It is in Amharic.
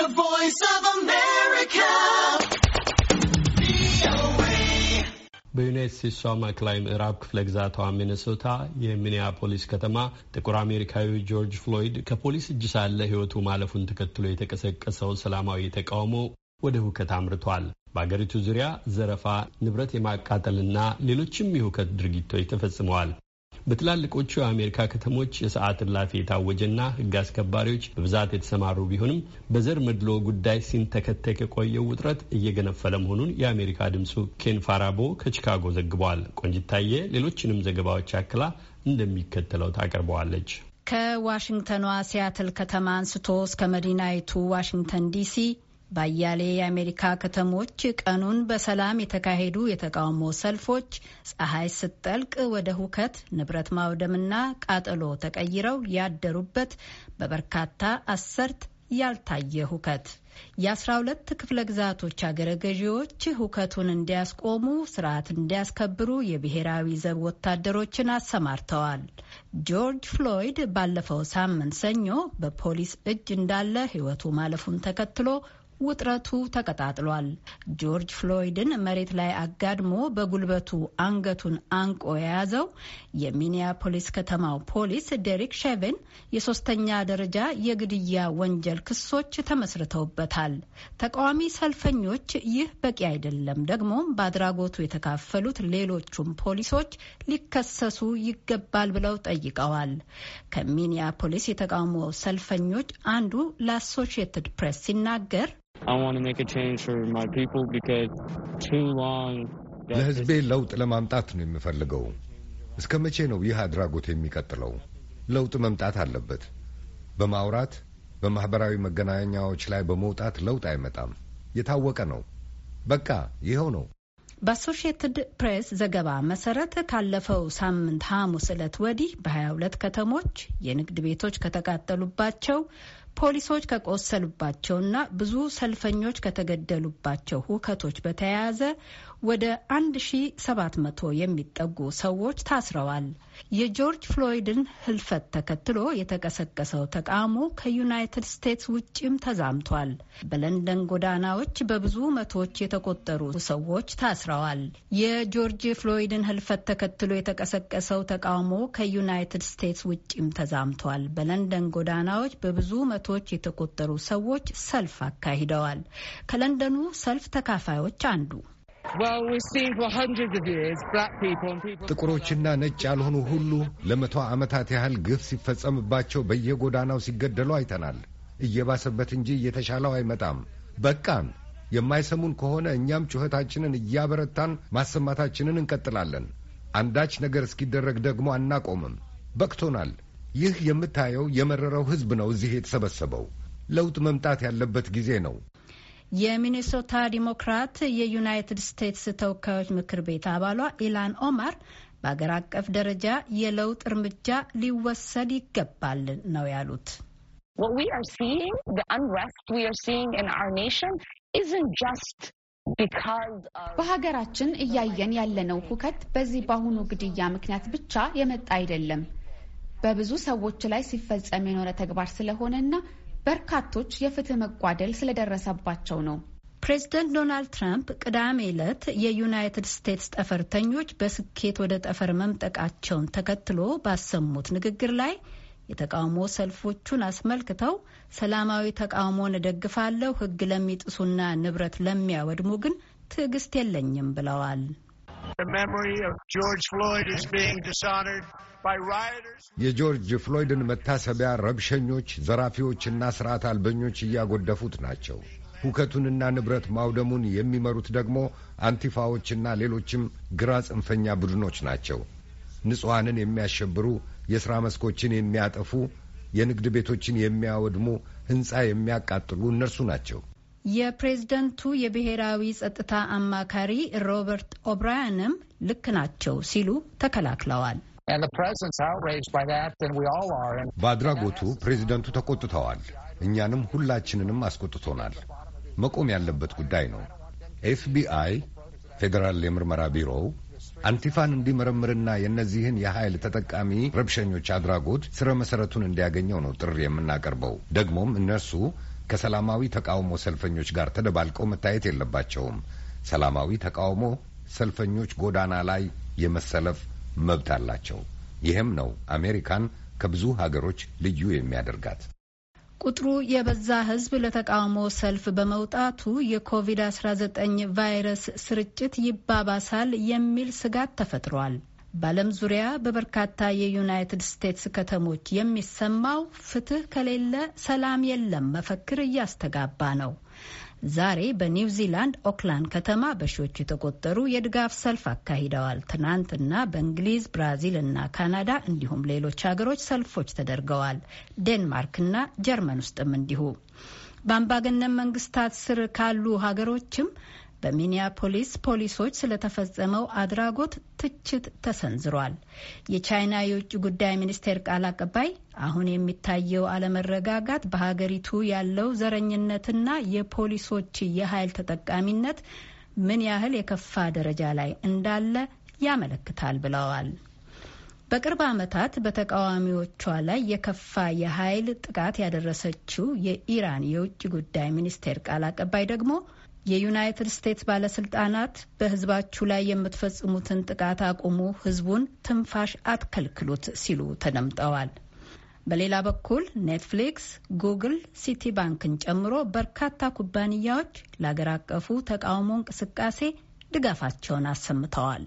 The Voice of America. በዩናይት ስቴትሷ ማዕከላዊ ምዕራብ ክፍለ ግዛቷ ሚኔሶታ የሚኒያፖሊስ ከተማ ጥቁር አሜሪካዊ ጆርጅ ፍሎይድ ከፖሊስ እጅ ሳለ ሕይወቱ ማለፉን ተከትሎ የተቀሰቀሰው ሰላማዊ ተቃውሞ ወደ ሁከት አምርቷል። በአገሪቱ ዙሪያ ዘረፋ፣ ንብረት የማቃጠልና ሌሎችም የሁከት ድርጊቶች ተፈጽመዋል። በትላልቆቹ የአሜሪካ ከተሞች የሰዓት እላፊ የታወጀና ሕግ አስከባሪዎች በብዛት የተሰማሩ ቢሆንም በዘር መድሎ ጉዳይ ሲንተከተክ የቆየው ውጥረት እየገነፈለ መሆኑን የአሜሪካ ድምፁ ኬን ፋራቦ ከቺካጎ ዘግቧል። ቆንጅታየ ሌሎችንም ዘገባዎች አክላ እንደሚከተለው ታቀርበዋለች። ከዋሽንግተኗ ሲያትል ከተማ አንስቶ እስከ መዲናይቱ ዋሽንግተን ዲሲ ባያሌ የአሜሪካ ከተሞች ቀኑን በሰላም የተካሄዱ የተቃውሞ ሰልፎች ፀሐይ ስትጠልቅ ወደ ሁከት፣ ንብረት ማውደምና ቃጠሎ ተቀይረው ያደሩበት በበርካታ አሰርት ያልታየ ሁከት የአስራ ሁለት ክፍለ ግዛቶች አገረ ገዢዎች ሁከቱን እንዲያስቆሙ ስርዓት እንዲያስከብሩ የብሔራዊ ዘብ ወታደሮችን አሰማርተዋል። ጆርጅ ፍሎይድ ባለፈው ሳምንት ሰኞ በፖሊስ እጅ እንዳለ ሕይወቱ ማለፉን ተከትሎ ውጥረቱ ተቀጣጥሏል። ጆርጅ ፍሎይድን መሬት ላይ አጋድሞ በጉልበቱ አንገቱን አንቆ የያዘው የሚኒያፖሊስ ከተማው ፖሊስ ዴሪክ ሼቬን የሶስተኛ ደረጃ የግድያ ወንጀል ክሶች ተመስርተውበታል። ተቃዋሚ ሰልፈኞች ይህ በቂ አይደለም፣ ደግሞ በአድራጎቱ የተካፈሉት ሌሎቹም ፖሊሶች ሊከሰሱ ይገባል ብለው ጠይቀዋል። ከሚኒያፖሊስ የተቃውሞ ሰልፈኞች አንዱ ለአሶሺየትድ ፕሬስ ሲናገር ለሕዝቤ ለውጥ ለማምጣት ነው የምፈልገው። እስከ መቼ ነው ይህ አድራጎት የሚቀጥለው? ለውጥ መምጣት አለበት። በማውራት በማኅበራዊ መገናኛዎች ላይ በመውጣት ለውጥ አይመጣም። የታወቀ ነው። በቃ ይኸው ነው። በአሶሽየትድ ፕሬስ ዘገባ መሰረት ካለፈው ሳምንት ሐሙስ ዕለት ወዲህ በ22 ከተሞች የንግድ ቤቶች ከተቃጠሉባቸው ፖሊሶች ከቆሰሉባቸውና ብዙ ሰልፈኞች ከተገደሉባቸው ሁከቶች በተያያዘ ወደ 1700 የሚጠጉ ሰዎች ታስረዋል። የጆርጅ ፍሎይድን ሕልፈት ተከትሎ የተቀሰቀሰው ተቃውሞ ከዩናይትድ ስቴትስ ውጭም ተዛምቷል። በለንደን ጎዳናዎች በብዙ መቶዎች የተቆጠሩ ሰዎች ታስረዋል። የጆርጅ ፍሎይድን ሕልፈት ተከትሎ የተቀሰቀሰው ተቃውሞ ከዩናይትድ ስቴትስ ውጭም ተዛምቷል። በለንደን ጎዳናዎች በብዙ በመቶዎች የተቆጠሩ ሰዎች ሰልፍ አካሂደዋል። ከለንደኑ ሰልፍ ተካፋዮች አንዱ ጥቁሮችና ነጭ ያልሆኑ ሁሉ ለመቶ ዓመታት ያህል ግፍ ሲፈጸምባቸው በየጎዳናው ሲገደሉ አይተናል። እየባሰበት እንጂ እየተሻለው አይመጣም። በቃን። የማይሰሙን ከሆነ እኛም ጩኸታችንን እያበረታን ማሰማታችንን እንቀጥላለን። አንዳች ነገር እስኪደረግ ደግሞ አናቆምም። በቅቶናል። ይህ የምታየው የመረረው ህዝብ ነው እዚህ የተሰበሰበው። ለውጥ መምጣት ያለበት ጊዜ ነው። የሚኔሶታ ዲሞክራት የዩናይትድ ስቴትስ ተወካዮች ምክር ቤት አባሏ ኢላን ኦማር በአገር አቀፍ ደረጃ የለውጥ እርምጃ ሊወሰድ ይገባል ነው ያሉት። በሀገራችን እያየን ያለነው ሁከት በዚህ በአሁኑ ግድያ ምክንያት ብቻ የመጣ አይደለም። በብዙ ሰዎች ላይ ሲፈጸም የኖረ ተግባር ስለሆነና በርካቶች የፍትህ መጓደል ስለደረሰባቸው ነው። ፕሬዚደንት ዶናልድ ትራምፕ ቅዳሜ ዕለት የዩናይትድ ስቴትስ ጠፈርተኞች በስኬት ወደ ጠፈር መምጠቃቸውን ተከትሎ ባሰሙት ንግግር ላይ የተቃውሞ ሰልፎቹን አስመልክተው ሰላማዊ ተቃውሞን እደግፋለሁ፣ ሕግ ለሚጥሱና ንብረት ለሚያወድሙ ግን ትዕግስት የለኝም ብለዋል። የጆርጅ ፍሎይድን መታሰቢያ ረብሸኞች፣ ዘራፊዎችና ስርዓት አልበኞች እያጎደፉት ናቸው። ሁከቱንና ንብረት ማውደሙን የሚመሩት ደግሞ አንቲፋዎችና ሌሎችም ግራ ጽንፈኛ ቡድኖች ናቸው። ንጹሐንን የሚያሸብሩ፣ የሥራ መስኮችን የሚያጠፉ፣ የንግድ ቤቶችን የሚያወድሙ፣ ሕንፃ የሚያቃጥሉ እነርሱ ናቸው። የፕሬዝደንቱ የብሔራዊ ጸጥታ አማካሪ ሮበርት ኦብራያንም ልክ ናቸው ሲሉ ተከላክለዋል። በአድራጎቱ ፕሬዝደንቱ ተቆጥተዋል። እኛንም ሁላችንንም አስቆጥቶናል። መቆም ያለበት ጉዳይ ነው። ኤፍቢአይ ፌዴራል የምርመራ ቢሮው አንቲፋን እንዲመረምርና የእነዚህን የኃይል ተጠቃሚ ረብሸኞች አድራጎት ስረ መሰረቱን እንዲያገኘው ነው ጥሪ የምናቀርበው። ደግሞም እነርሱ ከሰላማዊ ተቃውሞ ሰልፈኞች ጋር ተደባልቀው መታየት የለባቸውም። ሰላማዊ ተቃውሞ ሰልፈኞች ጎዳና ላይ የመሰለፍ መብት አላቸው። ይህም ነው አሜሪካን ከብዙ ሀገሮች ልዩ የሚያደርጋት። ቁጥሩ የበዛ ሕዝብ ለተቃውሞ ሰልፍ በመውጣቱ የኮቪድ-19 ቫይረስ ስርጭት ይባባሳል የሚል ስጋት ተፈጥሯል። በዓለም ዙሪያ በበርካታ የዩናይትድ ስቴትስ ከተሞች የሚሰማው ፍትህ ከሌለ ሰላም የለም መፈክር እያስተጋባ ነው። ዛሬ በኒውዚላንድ ኦክላንድ ከተማ በሺዎች የተቆጠሩ የድጋፍ ሰልፍ አካሂደዋል። ትናንትና በእንግሊዝ፣ ብራዚል እና ካናዳ እንዲሁም ሌሎች ሀገሮች ሰልፎች ተደርገዋል። ዴንማርክና ጀርመን ውስጥም እንዲሁ። በአምባገነን መንግስታት ስር ካሉ ሀገሮችም በሚኒያፖሊስ ፖሊሶች ስለተፈጸመው አድራጎት ትችት ተሰንዝሯል። የቻይና የውጭ ጉዳይ ሚኒስቴር ቃል አቀባይ አሁን የሚታየው አለመረጋጋት በሀገሪቱ ያለው ዘረኝነትና የፖሊሶች የኃይል ተጠቃሚነት ምን ያህል የከፋ ደረጃ ላይ እንዳለ ያመለክታል ብለዋል። በቅርብ ዓመታት በተቃዋሚዎቿ ላይ የከፋ የኃይል ጥቃት ያደረሰችው የኢራን የውጭ ጉዳይ ሚኒስቴር ቃል አቀባይ ደግሞ የዩናይትድ ስቴትስ ባለስልጣናት በህዝባችሁ ላይ የምትፈጽሙትን ጥቃት አቁሙ፣ ህዝቡን ትንፋሽ አትከልክሉት ሲሉ ተደምጠዋል። በሌላ በኩል ኔትፍሊክስ፣ ጉግል፣ ሲቲ ባንክን ጨምሮ በርካታ ኩባንያዎች ለአገር አቀፉ ተቃውሞ እንቅስቃሴ ድጋፋቸውን አሰምተዋል።